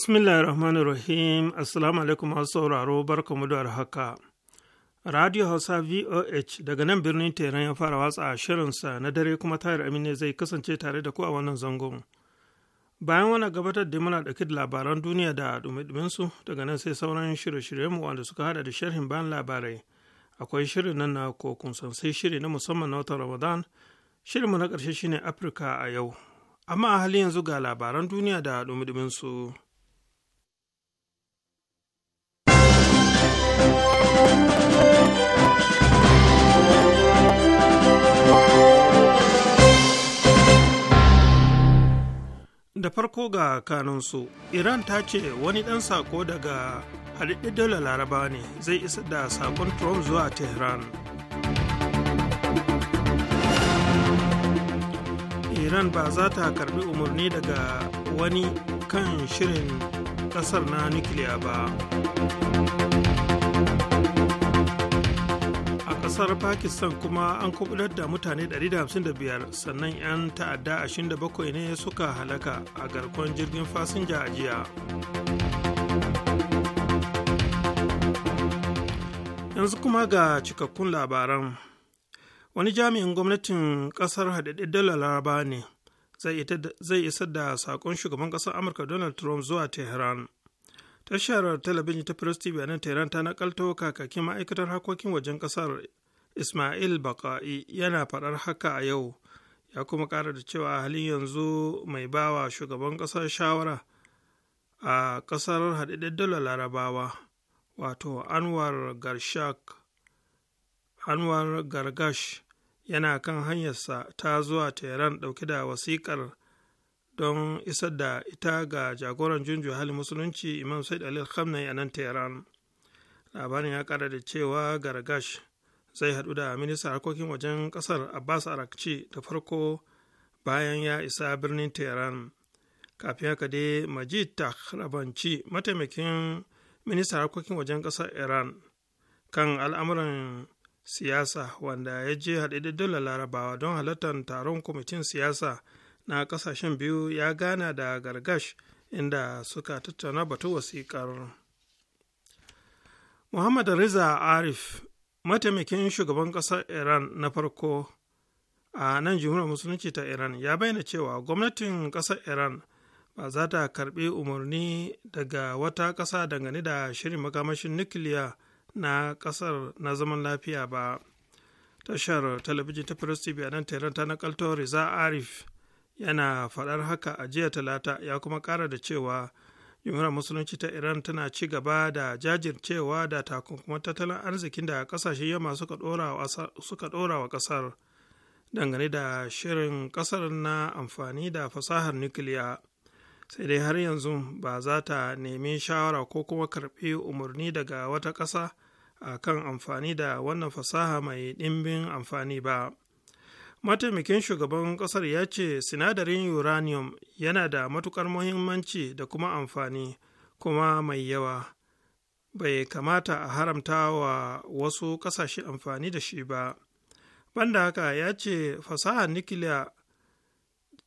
Bismillahir Rahmanir Rahim, Assalamu alaikum masu sauraro barkamu da haka. Radio Hausa VOH daga nan birnin Teran ya fara watsa shirinsa na dare kuma tayar amine zai kasance tare da ku a wannan zangon. Bayan wani gabatar da muna ɗauki da labaran duniya da dumidiminsu daga nan sai sauran shirye-shiryenmu wanda suka hada da sharhin bayan labarai. Akwai shirin nan na kokun sai shiri na musamman na watan Ramadan. Shirinmu na ƙarshe shine Afirka a yau. Amma a halin yanzu ga labaran duniya da dumidiminsu da farko ga kanunsu iran ta ce wani dan sako daga haɗaɗɗen daular laraba ne zai isa da sakon trump zuwa tehran iran ba za ta karbi umarni daga wani kan shirin ƙasar na nukiliya ba kasar pakistan kuma an kubular da mutane 155 sannan 'yan ta'adda 27 ne suka halaka a garkon jirgin fasinja a jiya yanzu kuma ga cikakkun labaran wani jami'in gwamnatin kasar hadaddiyar laraba ne zai isa da sakon shugaban kasar amurka donald trump zuwa tehran tashar talabijin ta press tv nan tehran ta nakalto kakakin ma'aikatar harkokin wajen kasar ismail baka'i yana faɗar haka a yau ya kuma ƙara da cewa halin yanzu mai bawa shugaban ƙasar shawara a ƙasar haɗaɗɗen dole larabawa wato anwar garshak anwar gargash yana kan hanyarsa ta zuwa tehran ɗauke da wasiƙar don isar da ita ga jagoran junju hali musulunci imam said Ali Khamenei a nan tehran labarin ya ƙara da cewa gargash zai haɗu da minista harkokin wajen ƙasar abbas arakci da farko bayan ya isa birnin tehran kafin haka dai majid rabanci mataimakin minista harkokin wajen ƙasar iran kan al'amuran siyasa wanda ya je haɗe dole larabawa don halartar taron kwamitin siyasa na ƙasashen biyu ya gana da gargash inda suka tattauna batu wasiƙar muhammad riza arif mataimakin shugaban ƙasar iran na farko a nan jimhuriyar musulunci ta iran ya bayyana cewa gwamnatin ƙasar iran ba za ta karbi umarni daga wata ƙasa dangane da shirin makamashin nukiliya na ƙasar na zaman lafiya ba tashar talabijin ta press tv a nan tehran ta nakalto riza arif yana faɗar haka a jiya talata ya kuma ƙara da cewa jumhuriyar musulunci ta iran tana ci gaba da jajircewa da takunkuma tattalin arzikin da kasashen yamma suka dora wa ƙasar dangane da shirin kasar na amfani da fasahar nukiliya sai dai har yanzu ba za ta nemi shawara ko kuma karɓi umarni daga wata kasa a kan amfani da wannan fasaha mai dimbin amfani ba mataimakin shugaban ƙasar ya ce sinadarin uranium yana da matukar muhimmanci da kuma amfani kuma mai yawa bai kamata a haramta wa wasu kasashe amfani da shi ba banda haka ya ce fasaha nukiliya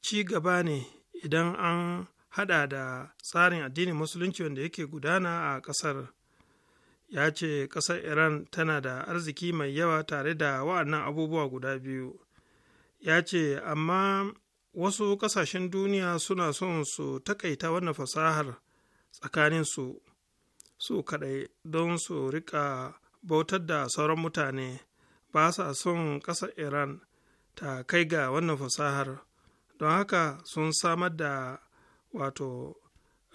ci gaba ne idan an hada da tsarin addinin musulunci wanda yake gudana a kasar ya ce ƙasar iran tana da arziki mai yawa tare da wa'annan abubuwa guda biyu ya ce amma wasu ƙasashen duniya suna son su takaita wannan fasahar tsakanin su su kadai don su rika bautar da sauran mutane ba sa son ƙasar iran ta kai ga wannan fasahar don haka sun samar da wato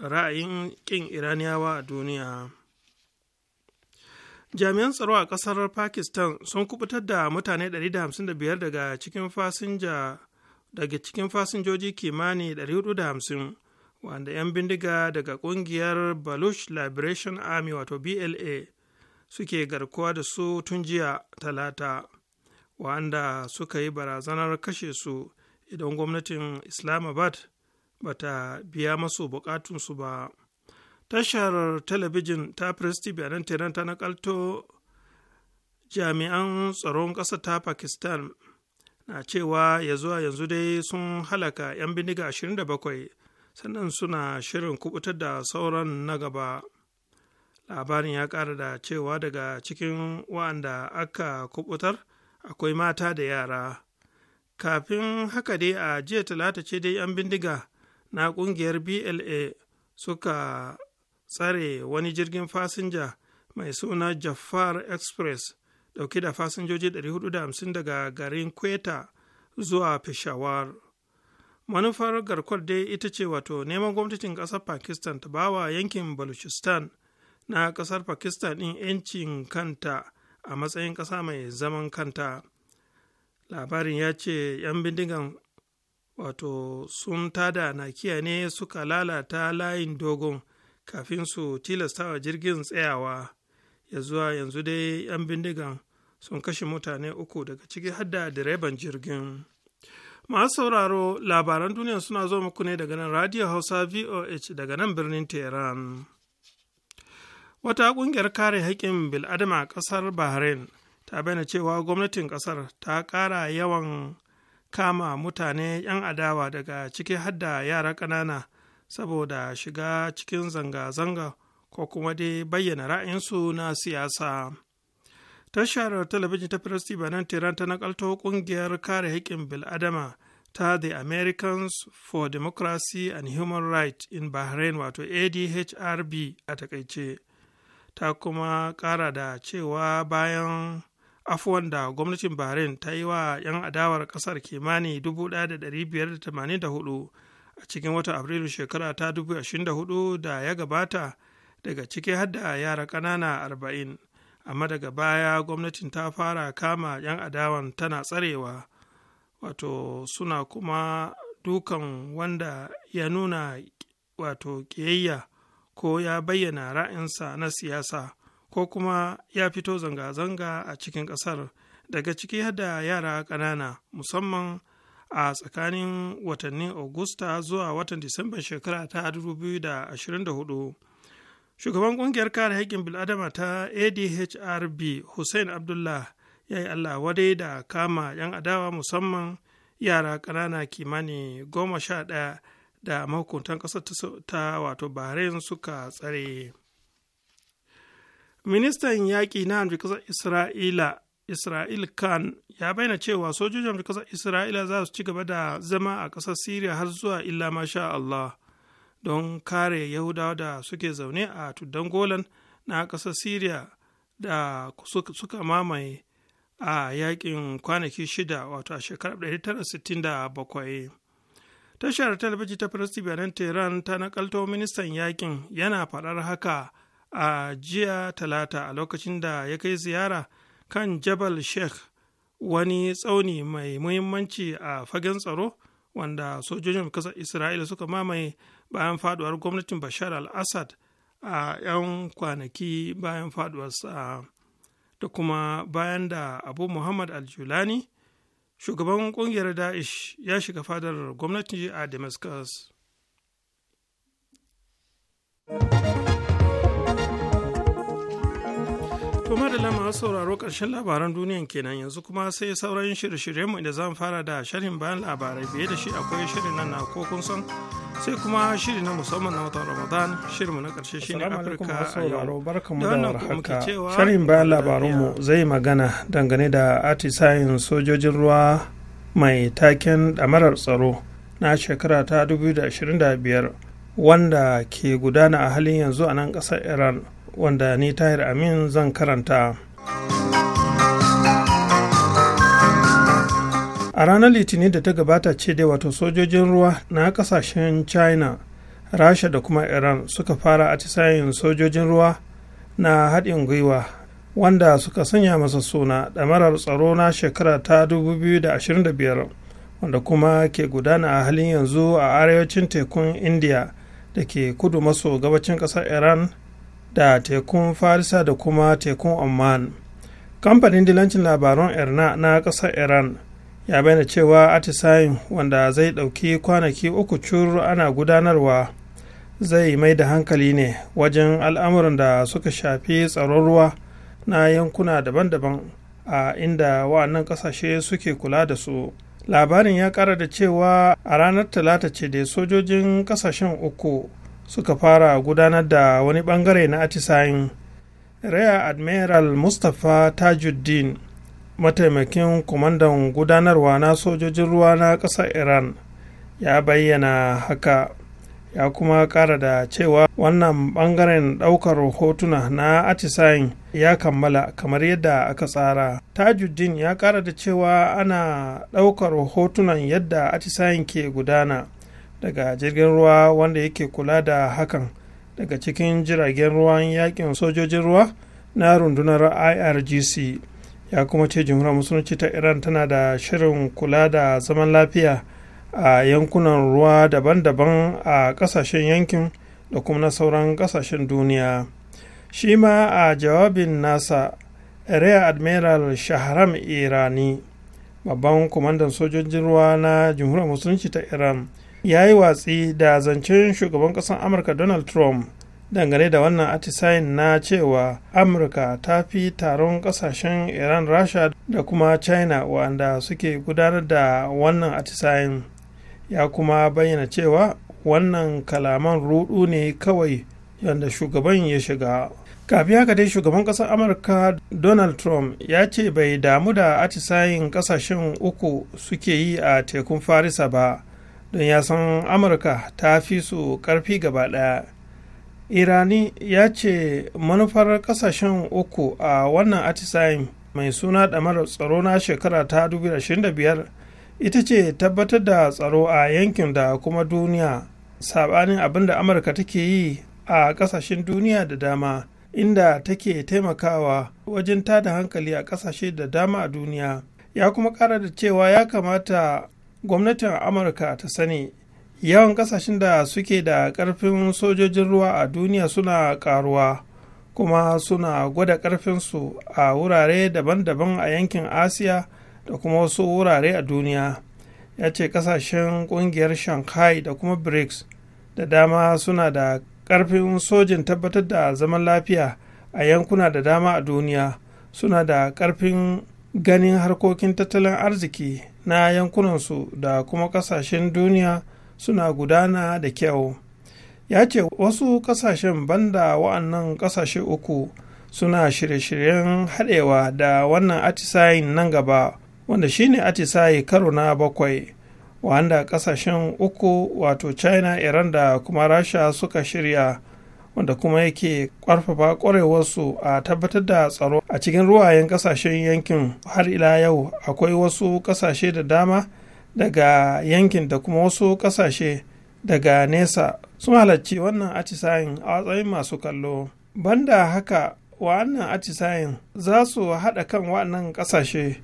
ra'ayin ƙin iraniyawa a duniya jami'an tsaro a kasar pakistan sun kubutar da mutane 155 daga cikin fasinja daga cikin fasinjoji kimani 450 wanda 'yan bindiga daga kungiyar baluch liberation army wato bla suke garkuwa da su tun jiya talata wanda suka yi barazanar kashe su idan gwamnatin islamabad bata biya masu bukatunsu ba tashar talabijin ta press tv a nan ta nakalto jami'an tsaron ƙasa ta pakistan na cewa ya zuwa yanzu dai sun halaka 'yan bindiga 27 sannan suna shirin kubutar da sauran na gaba labarin ya ƙara da cewa daga cikin wa'anda aka kubutar akwai mata da yara kafin haka dai a jiya talata ce dai 'yan bindiga na ƙungiyar bla suka tsare wani jirgin fasinja mai suna jafar Express dauke da fasinjoji 450 daga garin Kweta zuwa Peshawar. Manufar garkuwar dai ita ce wato neman gwamnatin ƙasar Pakistan ta ba wa yankin Baluchistan na ƙasar Pakistan ɗin 'yancin kanta a matsayin ƙasa mai zaman kanta. Labarin ya ce 'yan bindigan wato sun tada nakiya ne suka lalata layin dogon kafin su tilastawa jirgin tsayawa ya zuwa yanzu dai 'yan bindigan sun kashe mutane uku daga ciki hadda direban jirgin masu sauraro labaran duniya suna zo muku ne daga nan radio hausa voh daga nan birnin tehran wata kungiyar kare haƙƙin bil'adama a ƙasar bahrain ta bayyana cewa gwamnatin ƙasar ta ƙara yawan kama mutane 'yan adawa daga ciki hadda yara ƙanana saboda shiga cikin zanga-zanga ko kuma dai bayyana ra'ayinsu na siyasa. Tashar talabijin ta Firas Banan Tehran ta nakalto kungiyar kare haƙƙin bil'adama ta The Americans for Democracy and Human Rights in Bahrain wato ADHRB a takaice. Ta kuma ƙara da cewa bayan afuwan da gwamnatin Bahrain ta yi wa 'yan adawar ƙasar kimani 1,584 a cikin watan Afrilu shekara ta 2024 da ya gabata daga ciki hadda yara ƙanana arba'in. amma daga baya gwamnatin ta fara kama 'yan adawan tana tsarewa wato suna kuma dukan wanda ya nuna wato ƙiyayya ko ya bayyana ra'ayinsa na siyasa ko kuma ya fito zanga-zanga a cikin ƙasar daga ciki hada yara ƙanana musamman a tsakanin watannin Agusta zuwa watan Disamban shekara ta 2024. Shugaban ƙungiyar kare haƙƙin bil'adama ta ADHRB Hussein Abdullah ya yi Allah wadai da kama 'yan adawa musamman yara ƙanana kimani goma sha ɗaya da mahukuntan ƙasar ta wato Bahrain suka tsare. Ministan yaƙi na ƙasar Isra'ila isra'il khan ya bayyana cewa sojojin ƙasar isra'ila za su ci gaba da zama a ƙasar syria har zuwa illa masha allah don kare yahudawa da suke zaune a tuddan golan na ƙasar syria da suka mamaye a yakin kwanaki shida wato a shekarar 1967 tashar talabijin ta firistin bayanan tehran ta nakalto ministan yakin yana faɗar haka a jiya talata a lokacin da ya kai ziyara kan jabal sheikh wani tsauni mai muhimmanci a fagen tsaro wanda sojojin kasar isra'ila suka mamaye bayan faduwar gwamnatin bashar al-assad a 'yan kwanaki bayan faduwarsa da kuma bayan da abu muhammad al-julani shugaban ƙungiyar Da'ish ya shiga fadar gwamnati a damascus To madalla masu sauraro ƙarshen labaran duniyan kenan yanzu kuma sai sauran shirye-shiryenmu da zan fara da sharhin bayan labarai biye da shi akwai shirin nan na ko kun san sai kuma shiri na musamman na watan Ramadan shirinmu na ƙarshe shine Afirka a yau. Da warhaka. kuma sharhin bayan labarunmu zai magana dangane da atisayin sojojin ruwa mai taken ɗamarar tsaro na shekara ta 2025 wanda ke gudana a halin yanzu a nan ƙasar Iran. wanda ni tahir amin zan karanta a ranar litinin da ta gabata ce dai wato sojojin ruwa na kasashen china rasha da kuma iran suka fara atisayin sojojin ruwa na haɗin gwiwa wanda suka sanya masa suna ɗamarar tsaro na shekara ta 2025 wanda kuma ke gudana a halin yanzu a arewacin tekun india da ke kudu maso gabacin ƙasar iran da tekun farisa da kuma tekun oman kamfanin dilancin labaran irna na ƙasar iran ya bayyana cewa atisayin wanda zai ɗauki kwanaki uku cur ana gudanarwa zai mai da hankali ne wajen al'amuran da suka shafi tsaron ruwa na yankuna daban-daban a inda wa'annan ƙasashe suke kula da su labarin ya ƙara da cewa a ranar talata ce da sojojin ƙasashen uku suka fara gudanar da wani bangare na atisayin rear admiral mustapha tajuddin mataimakin kwamandan gudanarwa na sojojin ruwa na ƙasar iran ya bayyana haka ya kuma ƙara da cewa wannan ɓangaren ɗaukar hotuna na atisayin ya kammala kamar yadda aka tsara tajuddin ya ƙara da cewa ana ɗaukar hotunan yadda atisayin ke gudana daga jirgin ruwa wanda yake kula da hakan daga cikin jiragen ruwan yakin sojojin ruwa na rundunar irgc ya kuma ce jimura musulunci ta iran tana da shirin kula da zaman lafiya a yankunan ruwa daban-daban a kasashen yankin da kuma na sauran kasashen duniya shi ma a jawabin nasa rear admiral shahram irani babban kwamandan sojojin ruwa na jimhuriyar musulunci ta iran ya yi watsi da zancen shugaban ƙasar amurka donald trump dangane da wannan atisayin na cewa amurka ta fi taron ƙasashen iran rasha da kuma china wanda suke gudanar da wannan atisayin ya kuma bayyana cewa wannan kalaman rudu ne kawai yadda shugaban ya shiga kafin haka dai shugaban ƙasar amurka donald trump ya ce bai damu da atisayin ƙasashen uku suke yi a tekun farisa ba don ya san amurka ta fi su karfi gaba ɗaya irani ya ce manufar kasashen uku a wannan atisayin mai suna damar tsaro na shekara ta 2025 ita ce tabbatar da tsaro a yankin da kuma duniya sabanin abin da amurka take yi a kasashen duniya da dama inda take taimakawa wajen tada hankali a kasashe da dama a duniya ya kuma kara da cewa ya kamata gwamnatin amurka ta sani yawan kasashen da suke da karfin sojojin ruwa a duniya suna karuwa kuma suna gwada karfinsu a wurare daban-daban a yankin asiya da kuma wasu wurare a duniya ya ce kasashen kungiyar shanghai da kuma brics da dama suna da karfin sojin tabbatar da zaman lafiya a yankuna da dama a duniya suna da karfin ganin harkokin tattalin arziki na yankunansu da kuma kasashen duniya suna gudana da kyau ya ce wasu kasashen banda wa'annan kasashe uku suna shirye-shiryen haɗewa da wannan atisayin nan gaba wanda shine atisayi karo na bakwai wanda kasashen uku wato china iran da kuma rasha suka shirya wanda kuma yake ƙarfafa ƙwarewarsu a tabbatar da tsaro a cikin ruwayen ƙasashen yankin har ila yau akwai wasu ƙasashe da dama daga yankin da kuma wasu ƙasashe daga nesa sun halarci wannan atisayin a matsayin masu kallo banda haka wa'annan atisayin za su haɗa kan wa'annan ƙasashe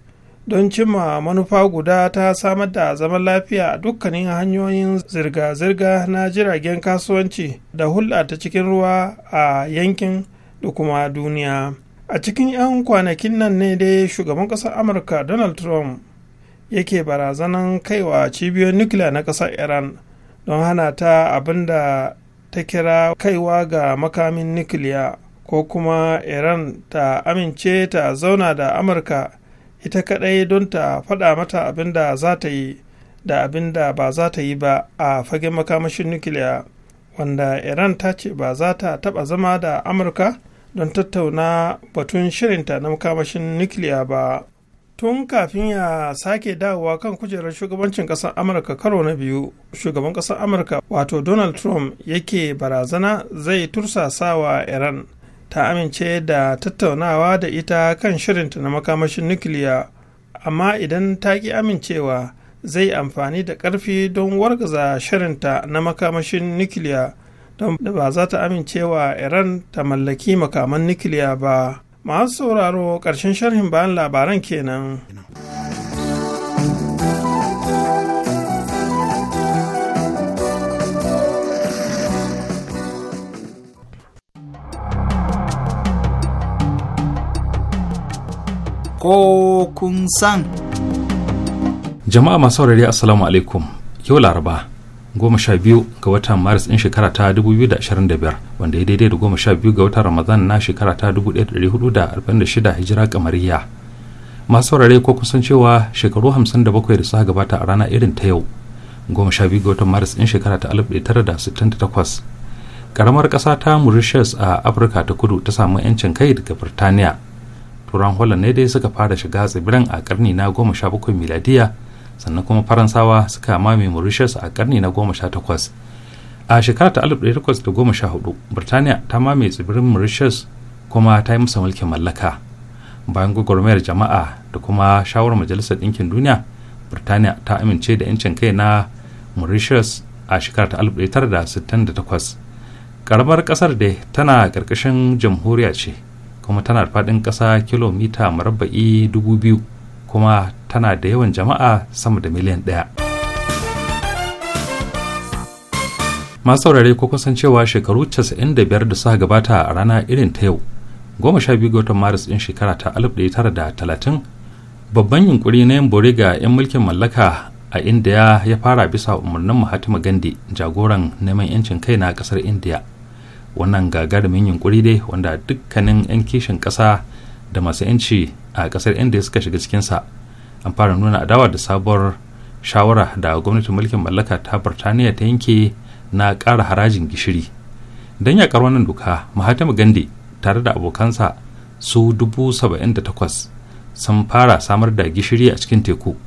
don cimma manufa guda ta samar da zaman lafiya a dukkanin hanyoyin zirga-zirga na jiragen kasuwanci da hulɗa ta cikin ruwa a yankin da kuma duniya a cikin 'yan kwanakin nan ne dai shugaban ƙasar amurka donald trump yake barazanan kaiwa cibiyoyin nukiliya na ƙasar iran don hana ta abin da ta kira kaiwa ga makamin nukiliya ko kuma iran ta amince ta zauna da amurka ita kaɗai don ta faɗa mata abin da za ta yi da abin da ba za ta yi ba a fagen makamashin nukiliya wanda iran ta ce ba za ta taɓa zama da amurka don tattauna batun shirinta na makamashin nukiliya ba tun kafin ya sake dawowa kan kujerar shugabancin ƙasar amurka karo na biyu shugaban ƙasar amurka wato donald trump yake barazana zai tursasawa iran ta amince da tattaunawa da ita kan shirinta na makamashin nukiliya amma idan ta ki amincewa zai amfani da ƙarfi don wargaza shirinta na makamashin nukiliya don ba za ta amincewa iran ta mallaki makaman nukiliya ba masu sauraro ƙarshen sharhin bayan labaran kenan. ko kun san. Jama'a masu saurari Assalamu alaikum yau Laraba goma sha biyu ga watan Maris ɗin shekara ta biyar, wanda ya daidai da goma sha biyu ga watan Ramadan na shekara ta 1446 hijira kamariya. Masu saurari ko san cewa shekaru hamsin da bakwai da suka gabata a rana irin ta yau goma sha biyu ga watan Maris ɗin shekara ta 1968 karamar ƙasa ta mauritius a afirka ta kudu ta samu 'yancin kai daga birtaniya turan holland ne dai suka fara shiga tsibirin a karni na goma miladiya sannan kuma faransawa suka mame mauritius a karni na goma a shekara ta alif ɗaya birtaniya ta mame tsibirin mauritius kuma ta yi masa mulkin mallaka bayan gwagwarmayar jama'a da kuma shawarar majalisar ɗinkin duniya birtaniya ta amince da 'yancin kai na mauritius a shekara ta 1968 karamar kasar da tana ƙarƙashin jamhuriya ce kuma tana da faɗin ƙasa kilomita marabba'i dubu biyu kuma tana da yawan jama'a sama da miliyan ɗaya. masu saurare ko kusan cewa shekaru 95 da suka gabata a rana irin ta yau goma sha biyu ga watan maris ɗin shekara ta 1930 babban yunkuri na yin bore ga 'yan mulkin mallaka a indiya ya fara bisa umarnin mahatma gandhi jagoran neman 'yancin kai na kasar indiya wannan gagarumin yunkuri dai wanda dukkanin 'yan kishin ƙasa da masu 'yanci a ƙasar inda suka shiga cikinsa an fara nuna adawa da sabuwar shawara da gwamnatin mulkin mallaka ta burtaniya ta yanke na ƙara harajin gishiri don yaƙar wannan doka mahatma gandhi tare da abokansa su takwas sun fara samar da gishiri a cikin teku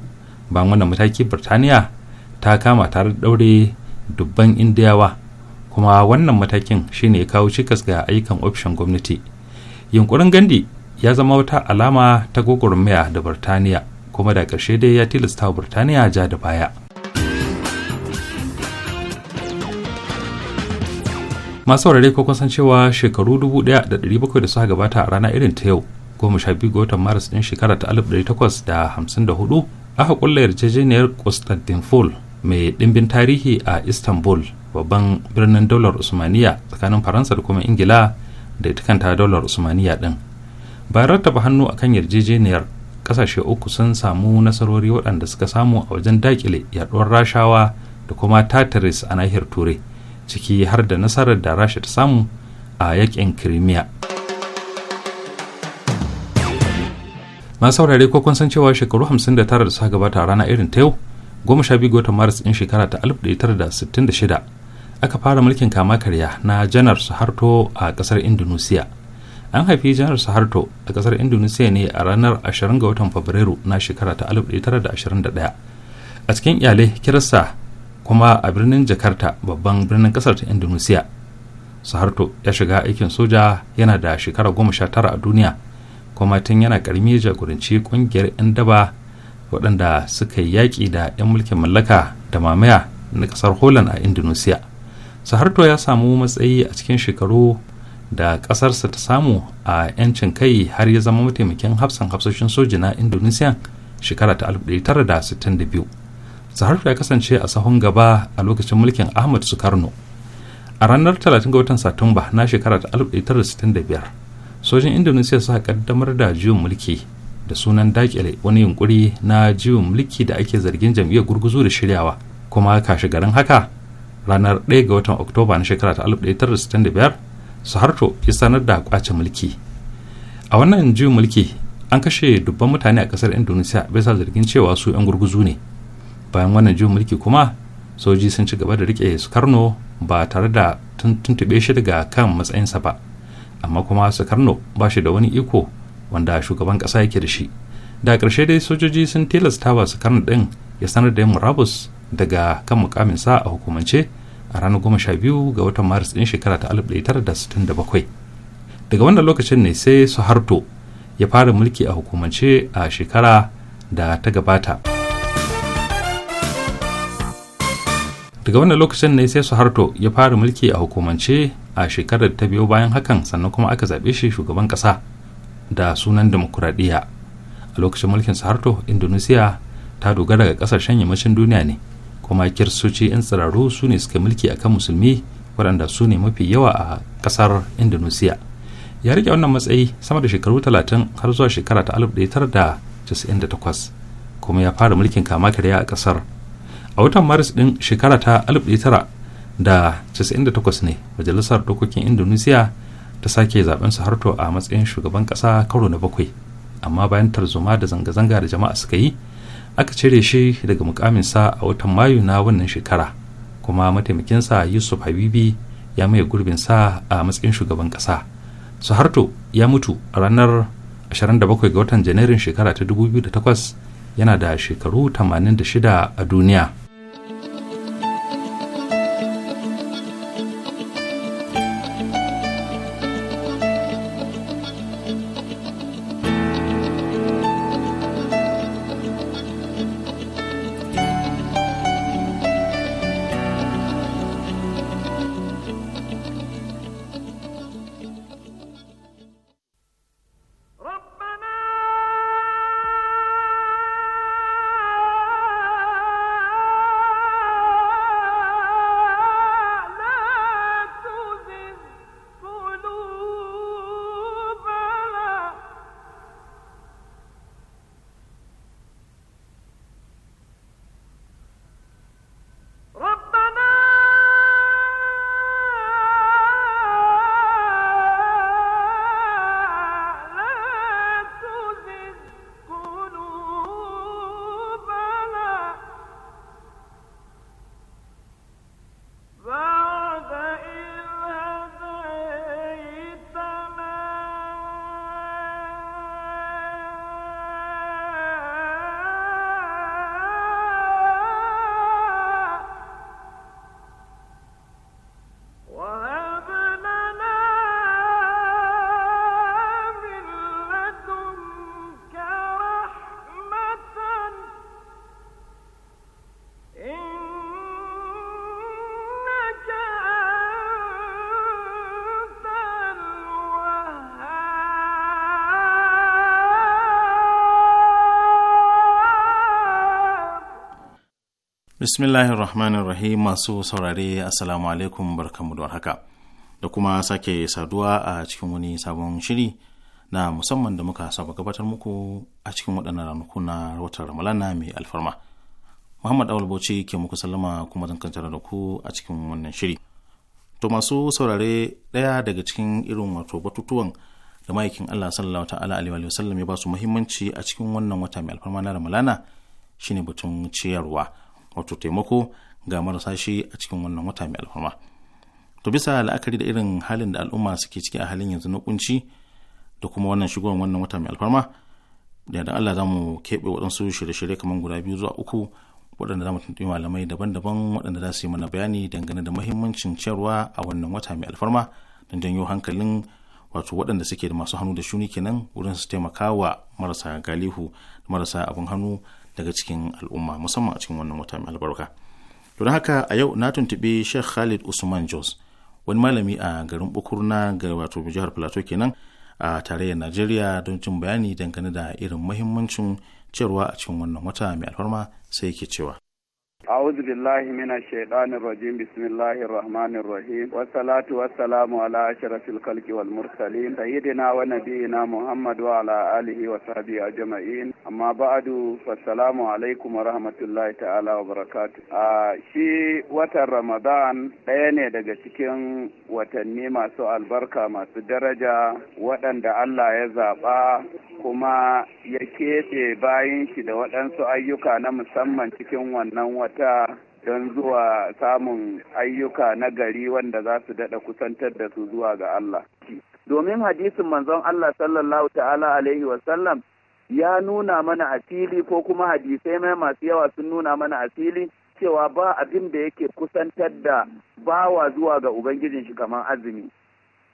bayan wannan mataki burtaniya ta kama tare da ɗaure dubban indiyawa kuma wannan matakin shine ya kawo cikas ga ayyukan ofishin gwamnati yunkurin gandi ya zama wata alama ta gwagwarmaya da birtaniya kuma da karshe dai ya tilasta wa birtaniya ja da baya masu saurare ko kusan cewa shekaru 1700 da suka gabata a rana irin ta yau goma sha biyu ga watan maris din shekara ta 1854 aka kulla yarjejeniyar constantinople mai dimbin tarihi a istanbul babban birnin daular usmaniya tsakanin faransa da kuma ingila da ita kanta daular usmaniya din bayan rattaba hannu a kan yarjejeniyar kasashe uku sun samu nasarori waɗanda suka samu a wajen dakile yaduwar rashawa da kuma tataris a nahiyar turai ciki har da nasarar da rasha ta samu a yakin kirimiya masu saurari ko kun san cewa shekaru 59 da suka gabata a rana irin ta yau goma sha biyu ga watan maris ɗin shekara ta 1966 aka fara mulkin kama karya na janar suharto a kasar indonesia an haifi janar suharto a kasar indonesia ne a ranar 20 ga watan fabrairu na shekara ta 1921 a cikin iyalai kirista kuma a birnin jakarta babban birnin kasar ta indonesia suharto ya shiga aikin soja yana da shekara goma sha a duniya kuma tun yana karmi jagoranci kungiyar 'yan daba waɗanda suka yi yaƙi da 'yan mulkin mallaka da mamaya na ƙasar holland a indonesia saharto ya samu matsayi a cikin shekaru da ƙasarsa ta samu a 'yancin kai har ya zama mataimakin hafsan hafsoshin soji na indonesia shekara ta 1962 saharto ya kasance a sahun gaba a lokacin mulkin ahmad sukarno a ranar 30 ga watan satumba na shekara ta 1965 sojin indonesiya suka kaddamar da juyin mulki da sunan dakile wani yunkuri na jiwon mulki da ake zargin jam'iyyar gurguzu da shiryawa kuma kashe garin haka ranar 1 ga watan oktoba na shekara ta 1965 harto ya sanar da kwace mulki a wannan juyin mulki an kashe dubban mutane a kasar indonesia bisa zargin cewa su 'yan gurguzu ne bayan wannan juyin mulki kuma soji sun ci gaba da rike sukarno ba tare da tuntube shi daga kan matsayinsa ba amma kuma sukarno ba shi da wani iko wanda shugaban kasa yake da shi da ƙarshe dai sojoji sun tilasta wa sukarno din ya sanar da yin murabus daga kan mukaminsa a hukumance a ranar goma sha biyu ga watan maris ɗin shekara ta alif da da sittin bakwai daga wannan lokacin ne sai suharto ya fara mulki a hukumance a shekara da ta gabata daga wannan lokacin ne sai suharto ya fara mulki a hukumance a shekarar ta biyo bayan hakan sannan kuma aka zaɓe shi shugaban ƙasa da sunan demokuraɗiyya a lokacin mulkin suharto indonesia ta dogara ga ƙasashen yammacin duniya ne kuma kirsoci 'yan tsiraru su ne suka mulki akan musulmi waɗanda su ne mafi yawa a ƙasar indonesia ya rike wannan matsayi sama da shekaru 30 har zuwa shekara ta 1998 kuma ya fara mulkin kama karya a ƙasar a watan maris ɗin shekara ta 1998 ne majalisar dokokin indonesia ta sake zaben su harto a matsayin shugaban ƙasa karo na bakwai amma bayan tarzoma da zanga-zanga da jama'a suka yi aka cire shi daga mukaminsa a watan mayu na wannan shekara kuma mataimakinsa yusuf habibi ya maye gurbinsa a matsayin shugaban ƙasa suharto ya mutu a ranar 27 ga watan janairun shekara ta 2008 yana da shekaru 86 a duniya bismillahi Bismillahirrahmanirrahim masu saurare Assalamu alaikum barkamu da haka da kuma sake saduwa a cikin wani sabon shiri na musamman da muka saba gabatar muku a cikin waɗannan ranaku na watan Ramalana mai alfarma. Muhammad Awal Bauchi ke muku sallama kuma zan kantar da ku a cikin wannan shiri. To masu saurare ɗaya daga cikin irin wato batutuwan da ma'aikin Allah sallallahu ta'ala alaihi wa sallam ya ba su muhimmanci a cikin wannan wata mai alfarma na Ramalana shine batun ciyarwa. wato taimako ga marasa shi a cikin wannan wata mai alfarma to bisa la'akari da irin halin da al'umma suke ciki a halin yanzu na kunci da kuma wannan shigowar wannan wata mai alfarma da yadda Allah za mu keɓe waɗansu shirye-shirye kamar guda biyu zuwa uku waɗanda za mu tuntuɓi malamai daban-daban waɗanda za su yi mana bayani dangane da mahimmancin ciyarwa a wannan wata mai alfarma don janyo hankalin wato waɗanda suke da masu hannu da shuni kenan wurin su taimaka wa marasa galihu marasa abin hannu daga cikin al'umma musamman a cikin wannan wata mai albarka don haka a yau na tuntuɓi sheikh khalid usman jos wani malami a garin bukurna ga wato jihar plateau kenan a tarayyar najeriya don cin bayani dangane da irin muhimmancin cewa a cikin wannan wata mai alfarma sai yake cewa أعوذ بالله من الشيطان الرجيم بسم الله الرحمن الرحيم والصلاة والسلام على أشرف الخلق والمرسلين سيدنا ونبينا محمد وعلى آله وصحبه أجمعين أما بعد فالسلام عليكم ورحمة الله تعالى وبركاته آه شي وتر رمضان ɗaya daga cikin watanni masu albarka masu daraja waɗanda Allah الله يزابا كما ya keɓe bayan shi da waɗansu ayyuka na musamman cikin wannan wata don zuwa samun ayyuka na gari wanda za su daɗa kusantar da su zuwa ga Allah. Domin hadisin manzon Allah sallallahu ta'ala alaihi wasallam ya nuna mana asili ko kuma hadisai mai masu yawa sun nuna mana asili cewa ba abin da yake kusantar da bawa zuwa ga Ubangijin shi kamar azumi.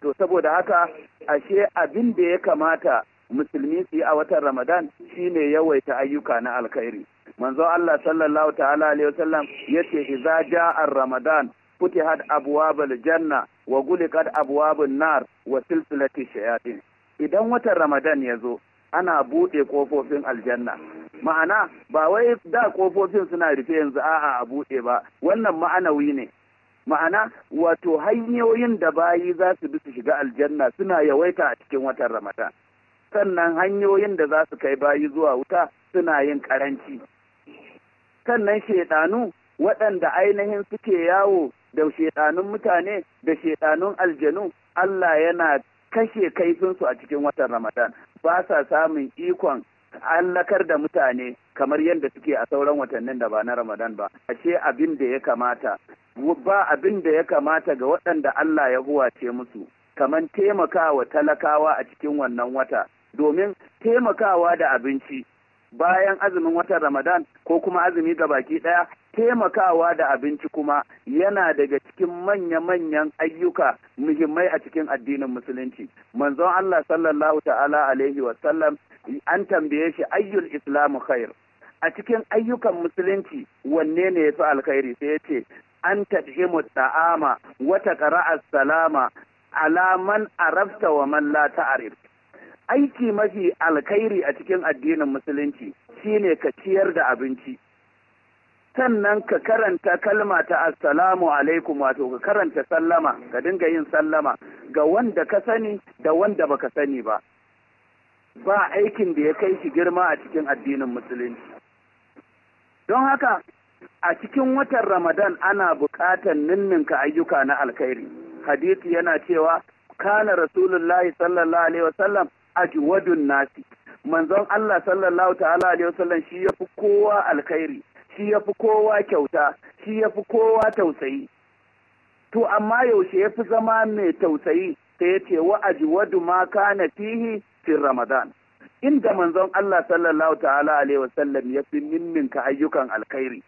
To saboda haka ashe abin da ya kamata musulmi su yi a watan ramadan shine yawaita ayyuka na alkhairi manzo Allah sallallahu ta'ala alaihi wasallam yace idza ja'a ramadan futihat abwabul janna wa gulikat abwabun nar wa silsilati shayatin idan watan ramadan ya zo ana buɗe kofofin aljanna ma'ana ba wai da kofofin suna rufe yanzu a'a a buɗe ba wannan ma'anawi ne ma'ana wato hanyoyin da bayi za su bi su shiga aljanna suna yawaita a cikin watan ramadan sannan hanyoyin da za su kai bayi zuwa wuta suna yin karanci sannan shaidanu waɗanda ainihin suke yawo da shaidanun mutane da shaidanun aljanu Allah yana kashe kaifinsu a cikin watan Ramadan ba sa samun ikon allakar da mutane kamar yadda suke a sauran watannin da ba na Ramadan ba ashe abin da ya kamata ba abin da ya kamata ga waɗanda Allah ya huwace musu kamar taimakawa talakawa a cikin wannan wata domin taimakawa da abinci bayan azumin watan Ramadan ko kuma azumi ga baki ɗaya taimakawa da abinci kuma yana daga cikin manya-manyan ayyuka muhimmai a cikin addinin musulunci manzon Allah sallallahu ta'ala alaihi wasallam an tambaye shi ayyul islamu khair a cikin ayyukan musulunci wanne ne ya alkhairi sai ya ce an tadhimu ta'ama wata taqra'a salama alaman arafta wa man la ta'rif aiki mafi alkhairi a cikin addinin musulunci shine ka ciyar da abinci sannan ka karanta kalma ta assalamu alaikum wato ka karanta sallama ka dinga yin sallama ga wanda ka sani da wanda baka sani ba ba aikin da ya kai shi girma a cikin addinin musulunci don haka a cikin watan ramadan ana buƙatar ninninka ayyuka na alkhairi hadisi yana cewa kana rasulullahi sallallahu alaihi wasallam ajwadun nasi manzon Allah sallallahu ta'ala alaihi wasallam shi yafi kowa alkhairi shi yafi kowa kyauta shi yafi kowa tausayi to amma yaushe yafi zama mai tausayi sai ya ce wa ajwadu ma kana fihi fi ramadan inda manzon Allah sallallahu ta'ala alaihi wasallam ya fi ayyukan alkhairi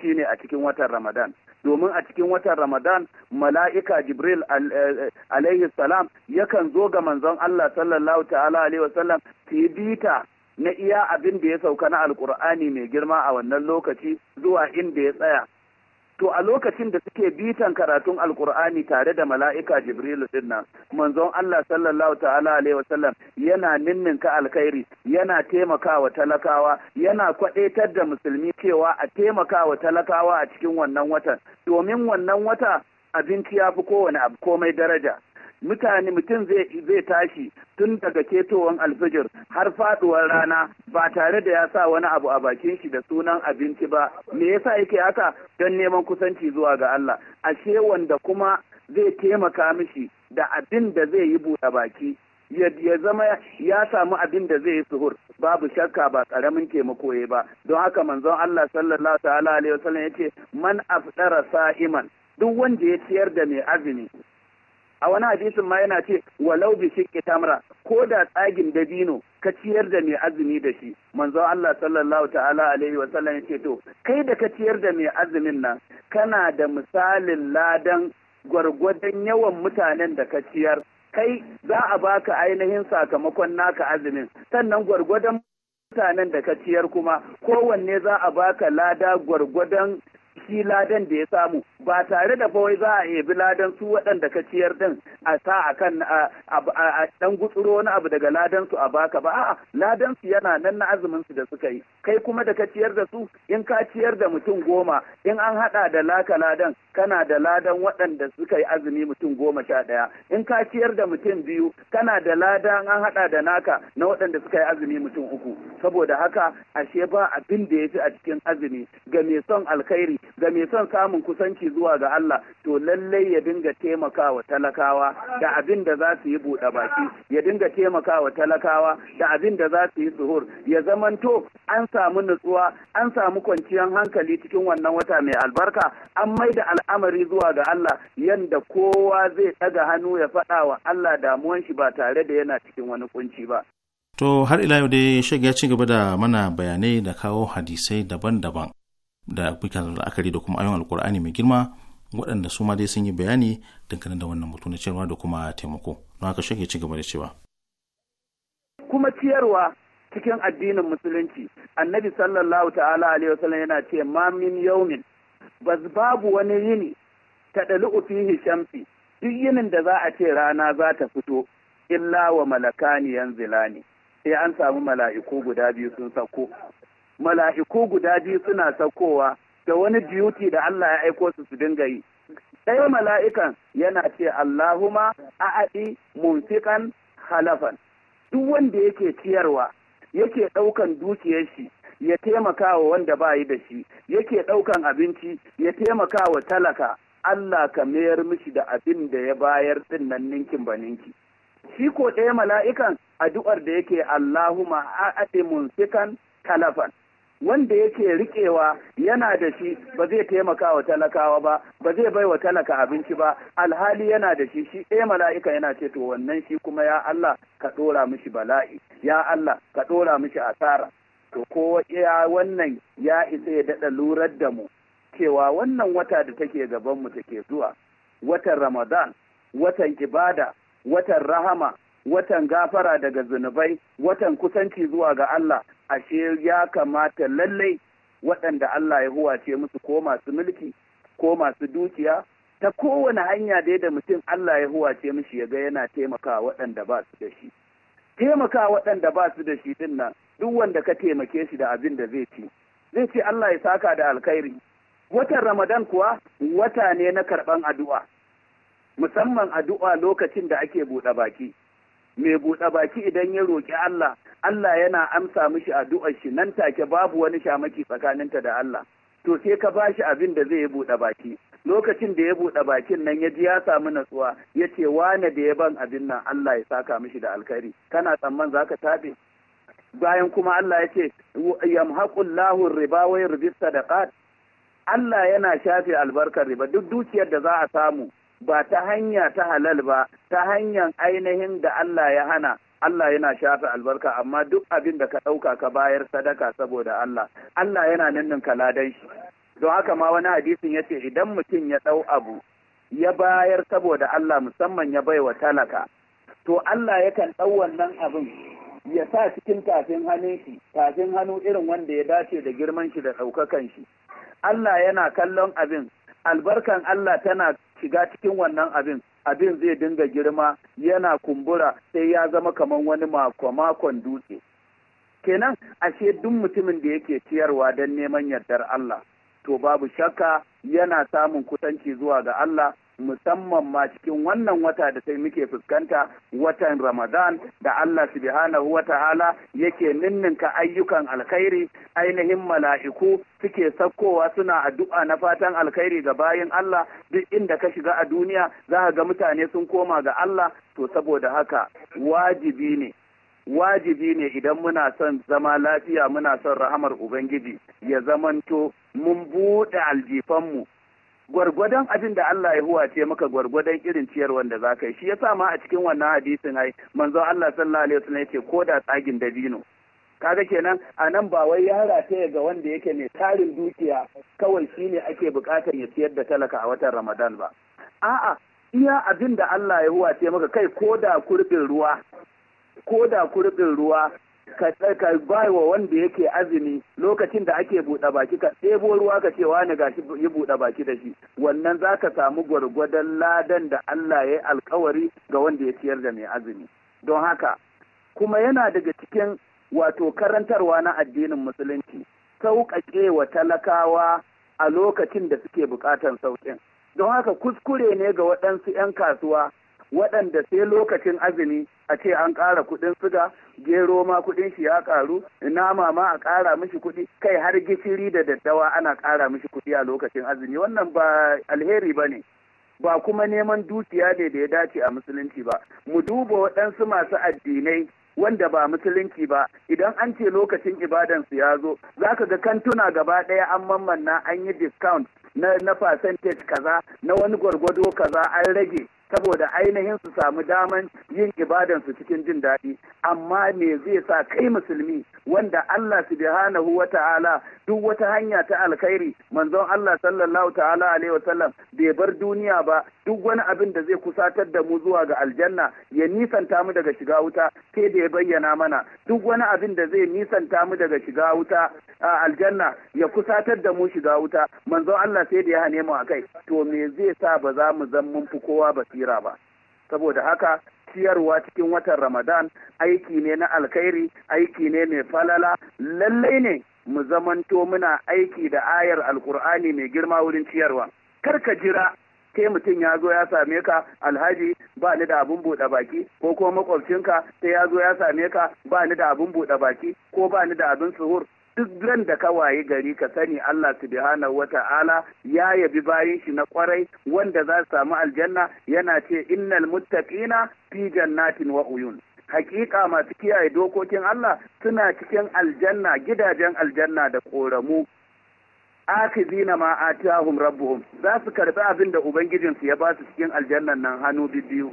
shine a cikin watan ramadan domin a cikin watan Ramadan mala'ika Jibril eh, eh, alaihi salam yakan zo ga manzon Allah sallallahu ta'ala alaihi wasallam tibita na iya abin da ya sauka na alkur'ani mai girma a wannan lokaci zuwa inda ya tsaya to a lokacin da suke bitan karatun alkur'ani tare da mala'ika jibrilu dinnan manzon Allah sallallahu ta'ala alaihi wasallam yana ninninka alkhairi yana taimakawa talakawa yana kwadaitar da musulmi cewa a taimakawa talakawa a cikin wannan watan domin wannan wata abinci ya fi kowane abu komai daraja mutane mutum zai tashi tun daga ketowan alfijir har faduwar rana ba tare da ya sa wani abu a bakin shi da sunan abinci ba me yasa yake haka don neman kusanci zuwa ga Allah ashe wanda kuma zai taimaka mishi da abin da zai yi buɗe baki ya zama ya samu abin da zai yi suhur babu shakka ba karamin taimako ya ba don haka manzon Allah sallallahu ta'ala alaihi wasallam yace man afdara sa'iman duk wanda ya ciyar da mai azumi a wani hadisin ma yana ce walau bi shiqqi tamra ko da tsagin dabino ka ciyar da mai azumi da shi manzo Allah sallallahu ta'ala alaihi wa sallam yace to kai da ka ciyar da mai azumin nan kana da misalin ladan gwargwadon yawan mutanen da ka ciyar kai za a baka ainihin sakamakon naka azumin sannan gwargwadon mutanen da ka ciyar kuma kowanne za a baka lada gwargwadon shi ladan da ya samu ba tare da bawai za a ebi ladan su waɗanda ka ciyar din a sa a kan a ɗan gutsuro wani abu daga ladan su a baka ba a'a ladan su yana nan na azumin su da suka yi kai kuma da ka ciyar da su in ka ciyar da mutum goma in an haɗa da laka ladan kana da ladan waɗanda suka yi azumi mutum goma sha ɗaya in ka ciyar da mutum biyu kana da ladan an haɗa da naka na waɗanda suka yi azumi mutum uku saboda haka ashe ba abin da ya fi a cikin azumi ga mai son alkhairi ga mai son samun kusanci zuwa ga Allah to lallai ya dinga taimakawa talakawa da abin da za su yi buɗe baki ya dinga taimakawa talakawa da abin da za su yi suhur ya zamanto an samu nutsuwa an samu kwanciyar hankali cikin wannan wata mai albarka an mai da al'amari zuwa ga Allah yanda kowa zai ɗaga hannu ya faɗa wa Allah damuwan shi ba tare da yana cikin wani kunci ba. To har ila yau dai shege ya ci gaba da mana bayanai da kawo hadisai daban-daban da kuka la'akari da kuma ayon alkur'ani mai girma waɗanda su ma dai sun yi bayani dangane da wannan mutu na ciyarwa da kuma taimako don haka shi ci gaba da cewa kuma ciyarwa cikin addinin musulunci annabi sallallahu ta'ala alaihi wasallam yana ce ma min yaumin bas babu wani yini ta dalu ufihi shamsi duk yinin da za a ce rana za ta fito illa wa malakani yanzilani sai an samu mala'iku guda biyu sun sauko mala'iku guda biyu suna saukowa da wani duty da Allah ya aiko su su dinga yi Ɗaya mala'ikan yana ce Allahuma a'adi munfiqan halafan duk wanda yake ciyarwa yake ɗaukan dukiyar shi ya taimaka wa wanda ba yi da shi yake ɗaukan abinci ya taimaka wa talaka Allah ka mayar mishi da abin da ya bayar din nan ninkin ba ninki shi ko ɗaya mala'ikan addu'ar da yake Allahuma a'adi munfiqan talafan wanda yake rikewa yana da shi ba zai taimaka wa talakawa ba ba zai bai wa talaka abinci ba alhali yana da shi shi ɗaya mala'ika yana ce to wannan shi kuma ya Allah ka ɗora mishi bala'i ya Allah ka ɗora mishi asara to ko ya wannan ya isa ya daɗa lurar da mu cewa wannan wata da take gaban mu take zuwa watan Ramadan watan ibada watan rahama watan gafara daga zunubai watan kusanci zuwa ga Allah ashe ya kamata lallai waɗanda Allah ya huwace musu ko masu mulki ko masu dukiya ta kowane hanya dai da mutum Allah ya huwace mishi ya ga yana taimaka waɗanda ba su da shi taimaka waɗanda ba su da shi din nan duk wanda ka taimake shi da abin da zai ci zai ce Allah ya saka da alkhairi watan Ramadan kuwa wata ne na karɓan addu'a musamman addu'a lokacin da ake buɗe baki mai buɗe baki idan ya roƙi Allah Allah yana amsa mishi addu'ar shi nan take babu wani shamaki tsakaninta da Allah to sai ka ba shi abin da zai buɗe baki lokacin da ya buɗe bakin nan ya ji ya samu natsuwa ya ce wane da ya ban abin nan Allah ya saka mishi da alkhairi kana tsamman za ka taɓe bayan kuma Allah ya ce lahun riba wa yurbi sadaqat Allah yana shafe albarkar riba duk dukiyar da za a samu ba ta hanya ta halal ba ta hanyar ainihin da Allah ya hana Allah yana shafe albarka amma duk abin da ka ɗauka ka bayar sadaka saboda Allah Allah yana nannin kaladan shi don haka ma wani hadisin ya ce idan mutum ya ɗau abu ya bayar saboda Allah musamman ya bai wa talaka to Allah yakan ɗau wannan abin ya sa cikin tafin hannun shi tafin hannu irin wanda ya dace da girman shi da ɗaukakan shi Allah yana kallon abin albarkan Allah tana shiga cikin wannan abin abin zai dinga girma yana kumbura sai ya zama kamar wani makon dutse kenan ashe duk mutumin da yake ciyarwa don neman yardar Allah to babu shakka yana samun kusanci zuwa ga Allah musamman ma cikin wannan wata da sai muke fuskanta watan Ramadan da Allah subhanahu wa ta'ala yake ninninka ayyukan alkhairi ainihin mala'iku suke sakkowa suna addu'a na fatan alkhairi ga bayin Allah duk inda ka shiga a duniya za ka ga mutane sun koma ga Allah to saboda haka wajibi ne wajibi ne idan muna son zama lafiya muna son rahamar Ubangiji ya zamanto mun buɗe aljifanmu gwargwadon abin da Allah ya ce maka gwargwadon irin ciyar wanda za ka yi shi yasa ma a cikin wannan hadisin ai manzo Allah sallallahu alaihi wasallam yace ko da tsagin dabino kaga kenan a nan ba wai ya ya ga wanda yake mai tarin dukiya kawai shine ake bukatar ya ciyar da talaka a watan Ramadan ba a'a iya abin da Allah ya ce maka kai ko da kurbin ruwa ko da kurbin ruwa ka ka wa wanda yake azumi lokacin da ake buɗe baki ka ɗebo ruwa ka ce wani gashi yi buɗe baki da shi wannan za ka samu gwargwadon ladan da Allah ya yi alkawari ga wanda ya ciyar da mai azumi don haka kuma yana daga cikin wato karantarwa na addinin musulunci sauƙaƙe wa talakawa a lokacin da suke buƙatan sauƙin don haka kuskure ne ga waɗansu 'yan kasuwa waɗanda sai lokacin azumi a ce an ƙara kuɗin suga gero ma kuɗin shi ya ƙaru nama ma a ƙara mishi kuɗi kai har gishiri da daddawa ana ƙara mishi kuɗi a lokacin azumi wannan ba alheri ba ne ba kuma neman dukiya ne da ya dace a musulunci ba mu duba waɗansu masu addinai wanda ba musulunci ba idan an ce lokacin ibadansu ya zo za ka ga kantuna gaba ɗaya an mammanna an yi discount na na percentage kaza na wani gwargwado kaza an rage saboda ainihin su samu daman yin ibadansu cikin jin daɗi amma me zai sa kai musulmi wanda Allah subhanahu wa ta'ala duk wata hanya ta alkhairi manzon Allah sallallahu ta'ala alaihi wasallam bai bar duniya ba duk wani abin da zai kusatar da mu zuwa ga aljanna ya nisanta mu daga shiga wuta sai da ya bayyana mana duk wani abin da zai nisanta mu daga shiga wuta a aljanna ya kusatar da mu shiga wuta manzon Allah sai da ya hane mu akai to me zai sa ba za mu zan mun fi kowa ba basira ba saboda haka ciyarwa cikin watan ramadan aiki ne na alkhairi aiki ne mai falala lallai ne mu zamanto muna aiki da ayar alkur'ani mai girma wurin ciyarwa kar ka jira kai mutum ya zo ya same ka alhaji ba ni da abin buɗe baki ko kuma makwabcinka sai ya zo ya same ka ba ni da abin buɗe baki ko ba ni da abin suhur duk ran da ka wayi gari ka sani Allah subhanahu wata'ala ya yabi bayan shi na kwarai wanda za su samu aljanna yana ce innal muttaqina fi jannatin wa uyun hakika masu kiyaye dokokin Allah suna cikin aljanna gidajen aljanna da koramu akizina ma atahum rabbuhum za su karbi abin da ubangijinsu ya ba su cikin aljannan nan hannu biyu